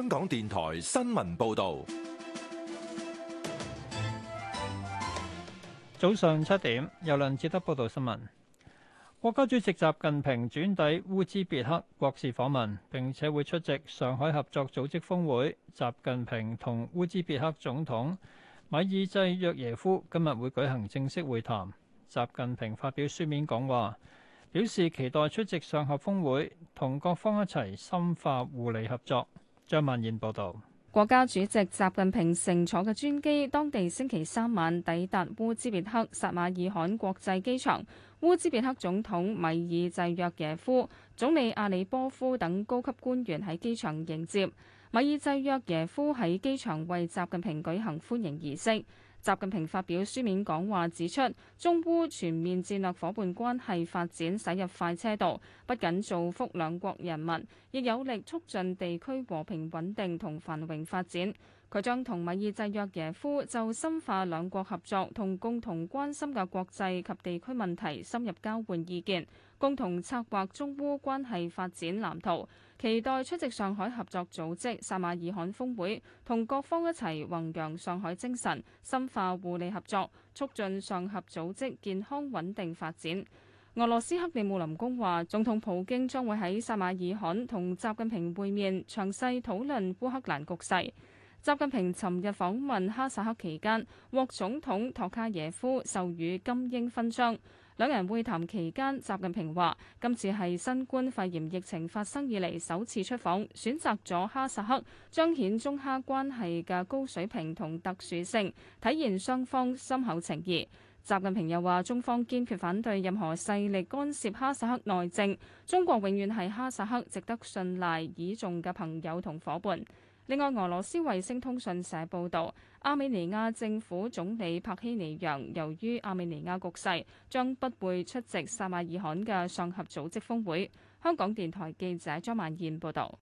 香港電台新聞報道，早上七點，有梁志德報道。新聞：國家主席習近平轉抵烏茲別克國事訪問，並且會出席上海合作組織峰會。習近平同烏茲別克總統米爾濟約耶夫今日會舉行正式會談。習近平發表書面講話，表示期待出席上合峰會，同各方一齊深化互利合作。張曼燕報道，國家主席習近平乘坐嘅專機，當地星期三晚抵達烏茲別克薩馬爾罕國際機場。烏茲別克總統米爾濟約耶夫、總理阿里波夫等高級官員喺機場迎接。米爾濟約耶夫喺機場為習近平舉行歡迎儀式。習近平發表書面講話，指出中烏全面戰略伙伴關係發展駛入快車道，不僅造福兩國人民，亦有力促進地區和平穩定同繁榮發展。佢將同米爾濟約耶夫就深化兩國合作同共同關心嘅國際及地區問題深入交換意見，共同策劃中烏關係發展藍圖。期待出席上海合作組織撒馬爾罕峰會，同各方一齊弘揚上海精神，深化互利合作，促進上合組織健康穩定發展。俄羅斯克里姆林宮話，總統普京將會喺撒馬爾罕同習近平會面，詳細討論烏克蘭局勢。習近平尋日訪問哈薩克期間，獲總統托卡耶夫授予金鷹勳章。兩人會談期間，習近平話：今次係新冠肺炎疫情發生以嚟首次出訪，選擇咗哈薩克，彰顯中哈關係嘅高水平同特殊性，體現雙方深厚情義。習近平又話：中方堅決反對任何勢力干涉哈薩克內政，中國永遠係哈薩克值得信賴倚重嘅朋友同伙伴。另外，俄羅斯衛星通訊社報導，阿美尼亞政府總理帕希尼揚由於阿美尼亞局勢，將不會出席薩馬爾罕嘅上合組織峯會。香港電台記者張曼燕報導。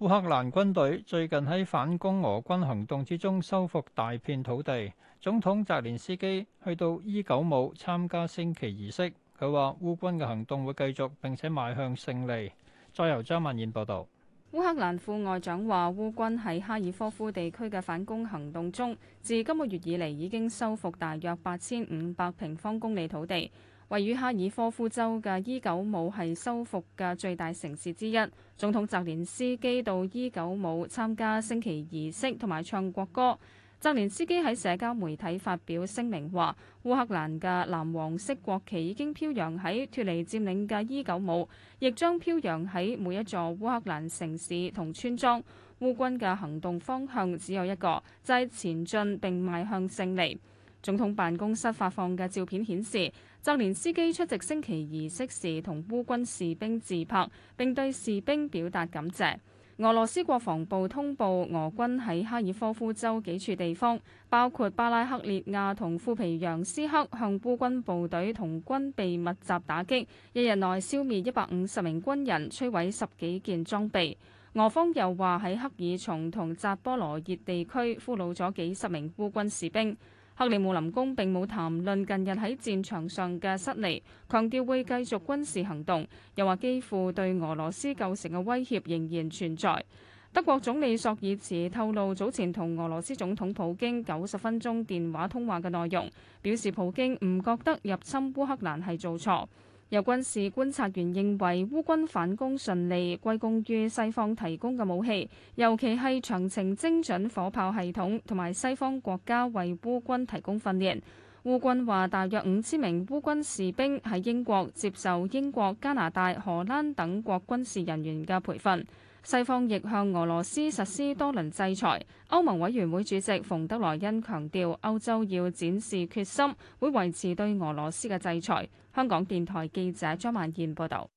烏克蘭軍隊最近喺反攻俄軍行動之中收復大片土地，總統澤連斯基去到伊久姆參加升旗儀式。佢話烏軍嘅行動會繼續並且邁向勝利。再由張曼燕報導。烏克蘭副外長話，烏軍喺哈爾科夫地區嘅反攻行動中，自今個月以嚟已經收復大約八千五百平方公里土地。位於哈爾科夫州嘅伊久姆係收復嘅最大城市之一。總統澤連斯基到伊久姆參加升旗儀式同埋唱國歌。澤連斯基喺社交媒體發表聲明話：烏克蘭嘅藍黃色國旗已經飄揚喺脱離佔領嘅伊久姆，亦將飄揚喺每一座烏克蘭城市同村莊。烏軍嘅行動方向只有一個，就係、是、前進並邁向勝利。總統辦公室發放嘅照片顯示，澤連斯基出席升旗儀式時同烏軍士兵自拍，並對士兵表達感謝。俄羅斯國防部通報，俄軍喺哈爾科夫州幾處地方，包括巴拉克列亞同庫皮揚斯克，向烏軍部隊同軍備密集打擊，一日內消滅一百五十名軍人，摧毀十幾件裝備。俄方又話喺克爾松同扎波羅熱地區俘虜咗幾十名烏軍士兵。克里姆林宮並冇談論近日喺戰場上嘅失利，強調會繼續軍事行動，又話幾乎對俄羅斯構成嘅威脅仍然存在。德國總理朔爾茨透露早前同俄羅斯總統普京九十分鐘電話通話嘅內容，表示普京唔覺得入侵烏克蘭係做錯。有軍事觀察員認為烏軍反攻順利，歸功於西方提供嘅武器，尤其係長程精準火炮系統，同埋西方國家為烏軍提供訓練。烏軍話，大約五千名烏軍士兵喺英國接受英國、加拿大、荷蘭等國軍事人員嘅培訓。西方亦向俄羅斯實施多輪制裁。歐盟委員會主席馮德萊恩強調，歐洲要展示決心，會維持對俄羅斯嘅制裁。香港電台記者張曼燕報道，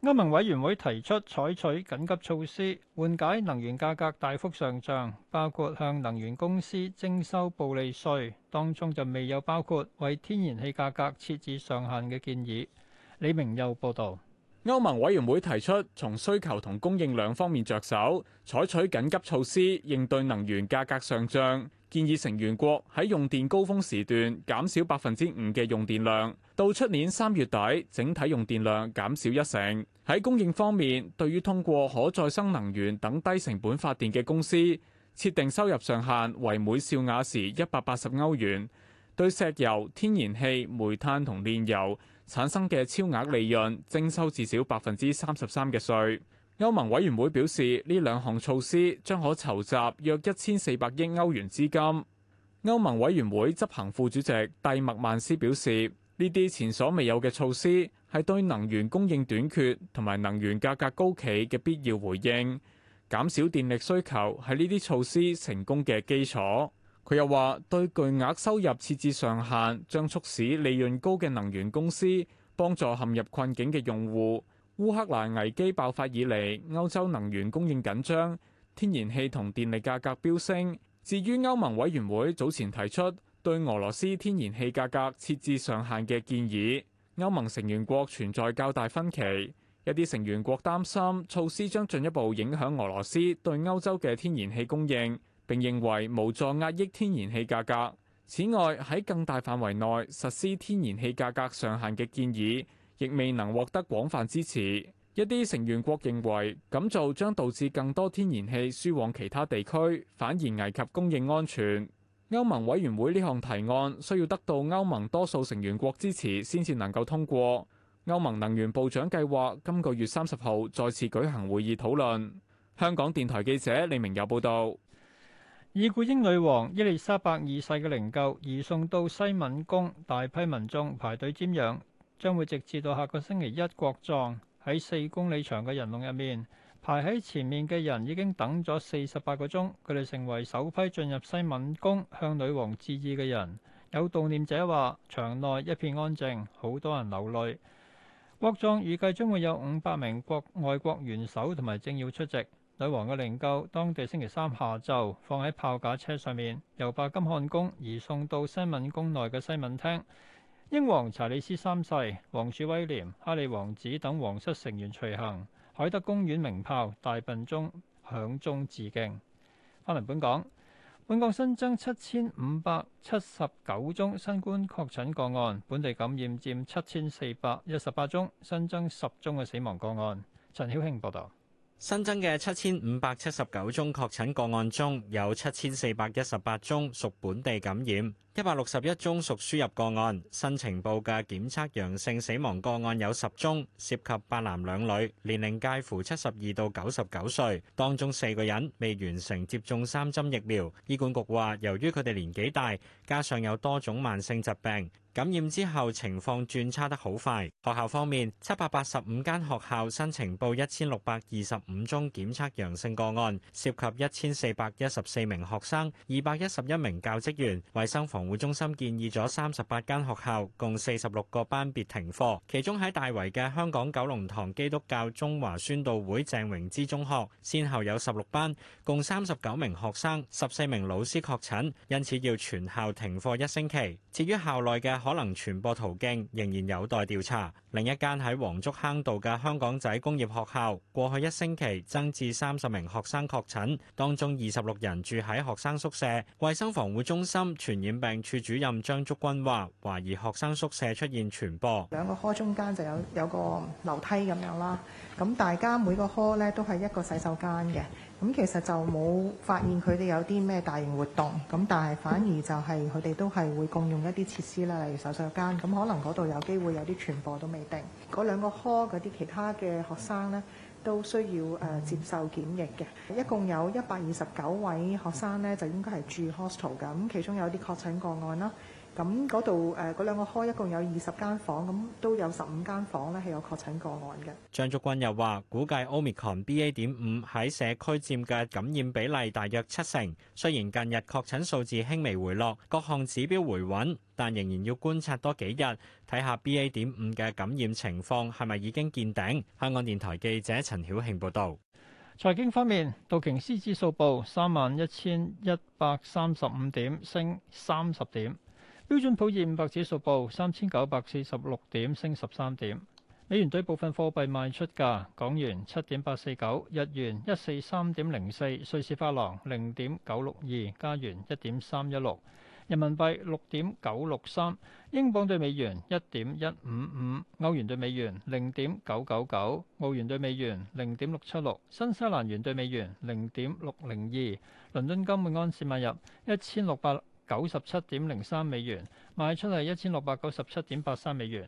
歐盟委員會提出採取緊急措施緩解能源價格大幅上漲，包括向能源公司徵收暴利稅，當中就未有包括為天然氣價格設置上限嘅建議。李明佑報道，歐盟委員會提出從需求同供應兩方面着手採取緊急措施應對能源價格上漲，建議成員國喺用電高峰時段減少百分之五嘅用電量。到出年三月底，整體用電量減少一成。喺供應方面，對於通過可再生能源等低成本發電嘅公司，設定收入上限為每兆瓦時一百八十歐元；對石油、天然氣、煤炭同煉油產生嘅超額利潤，徵收至少百分之三十三嘅稅。歐盟委員會表示，呢兩項措施將可籌集約一千四百億歐元資金。歐盟委員會執行副主席蒂麥曼斯表示：呢啲前所未有嘅措施係對能源供應短缺同埋能源價格高企嘅必要回應。減少電力需求係呢啲措施成功嘅基礎。佢又話：對巨額收入設置上限，將促使利潤高嘅能源公司幫助陷入困境嘅用戶。烏克蘭危機爆發以嚟，歐洲能源供應緊張，天然氣同電力價格飆升。至於歐盟委員會早前提出對俄羅斯天然氣價格設置上限嘅建議，歐盟成員國存在較大分歧。一啲成員國擔心措施將進一步影響俄羅斯對歐洲嘅天然氣供應，並認為無助壓抑天然氣價格。此外，喺更大範圍內實施天然氣價格上限嘅建議，亦未能獲得廣泛支持。一啲成員國認為咁做將導致更多天然氣輸往其他地區，反而危及供應安全。歐盟委員會呢項提案需要得到歐盟多數成員國支持，先至能夠通過。歐盟能源部長計劃今個月三十號再次舉行會議討論。香港電台記者李明有報道：已故英女王伊麗莎白二世嘅靈柩移送到西敏宮，大批民眾排隊瞻仰，將會直至到下個星期一國葬，喺四公里長嘅人龍入面。排喺前面嘅人已經等咗四十八個鐘，佢哋成為首批進入西敏宮向女王致意嘅人。有悼念者話：場內一片安靜，好多人流淚。國葬預計將會有五百名國外國元首同埋政要出席。女王嘅靈柩當地星期三下晝放喺炮架車上面，由白金漢宮移送到西敏宮內嘅西敏廳。英皇查理斯三世、皇儲威廉、哈利王子等皇室成員隨行。海德公園鳴炮，大笨鐘響鐘致敬。翻嚟本港，本港新增七千五百七十九宗新冠確診個案，本地感染佔七千四百一十八宗，新增十宗嘅死亡個案。陳曉慶報道：新增嘅七千五百七十九宗確診個案中，有七千四百一十八宗屬本地感染。一百六十一宗屬輸入個案，新呈報嘅檢測陽性死亡個案有十宗，涉及八男兩女，年齡介乎七十二到九十九歲，當中四個人未完成接種三針疫苗。醫管局話，由於佢哋年紀大，加上有多種慢性疾病，感染之後情況轉差得好快。學校方面，七百八十五間學校新呈報一千六百二十五宗檢測陽性個案，涉及一千四百一十四名學生，二百一十一名教職員，衛生防。護中心建議咗三十八間學校，共四十六個班別停課，其中喺大圍嘅香港九龍塘基督教中華宣道會鄭榮之中學，先後有十六班，共三十九名學生、十四名老師確診，因此要全校停課一星期。至於校內嘅可能傳播途徑，仍然有待調查。另一間喺黃竹坑道嘅香港仔工業學校，過去一星期增至三十名學生確診，當中二十六人住喺學生宿舍。衛生防護中心傳染病處主任張竹君話，懷疑學生宿舍出現傳播。兩個廁中間就有有個樓梯咁樣啦，咁大家每個廁呢都係一個洗手間嘅。咁其實就冇發現佢哋有啲咩大型活動，咁但係反而就係佢哋都係會共用一啲設施啦，例如手術間。咁可能嗰度有機會有啲傳播都未定。嗰 兩個科嗰啲其他嘅學生呢，都需要誒、呃、接受檢疫嘅。一共有一百二十九位學生呢，就應該係住 hospital 㗎。咁其中有啲確診個案啦。咁嗰度誒，嗰、嗯呃、兩個開一共有二十間房，咁、嗯、都有十五間房咧，係有確診個案嘅。張竹君又話，估計 Omicron BA 點五喺社區佔嘅感染比例大約七成。雖然近日確診數字輕微回落，各項指標回穩，但仍然要觀察多幾日，睇下 BA 點五嘅感染情況係咪已經見頂。香港電台記者陳曉慶報導。財經方面，道瓊斯指數報三萬一千一百三十五點，升三十點。標準普爾五百指數報三千九百四十六點，升十三點。美元對部分貨幣賣出價：港元七點八四九，日元一四三點零四，瑞士法郎零點九六二，加元一點三一六，人民幣六點九六三，英鎊對美元一點一五五，歐元對美元零點九九九，澳元對美元零點六七六，新西蘭元對美元零點六零二。倫敦金每安士買入一千六百九十七點零三美元，賣出係一千六百九十七點八三美元。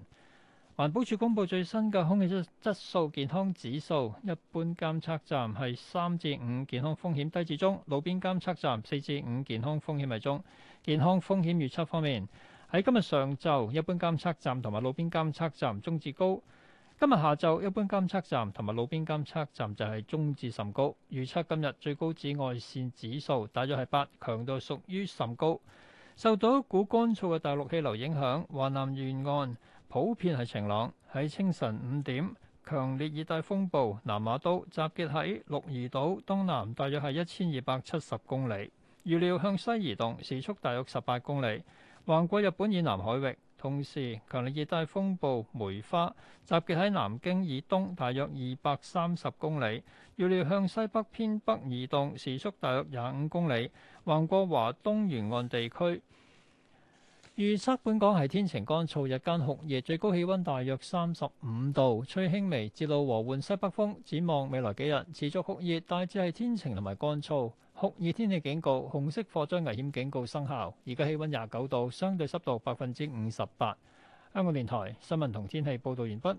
環保署公布最新嘅空氣質質素健康指數，一般監測站係三至五，健康風險低至中，路邊監測站四至五，健康風險係中。健康風險預測方面，喺今日上晝，一般監測站同埋路邊監測站中至高。今日下晝一般監測站同埋路邊監測站就係中至甚高。預測今日最高紫外線指數大約係八，強度屬於甚高。受到一股乾燥嘅大陸氣流影響，華南沿岸普遍係晴朗。喺清晨五點，強烈熱帶風暴南馬都集結喺鹿兒島東南，大約係一千二百七十公里。預料向西移動，時速大約十八公里，橫過日本以南海域。同時，強烈熱帶風暴梅花集結喺南京以東，大約二百三十公里，預料向西北偏北移動，時速大約廿五公里，橫過華東沿岸地區。預測本港係天晴乾燥，日間酷熱，最高氣温大約三十五度，吹輕微至到和緩西北風。展望未來幾日，持續酷熱，大致係天晴同埋乾燥。酷熱天氣警告、紅色火災危險警告生效。而家氣溫廿九度，相對濕度百分之五十八。香港電台新聞同天氣報道完畢。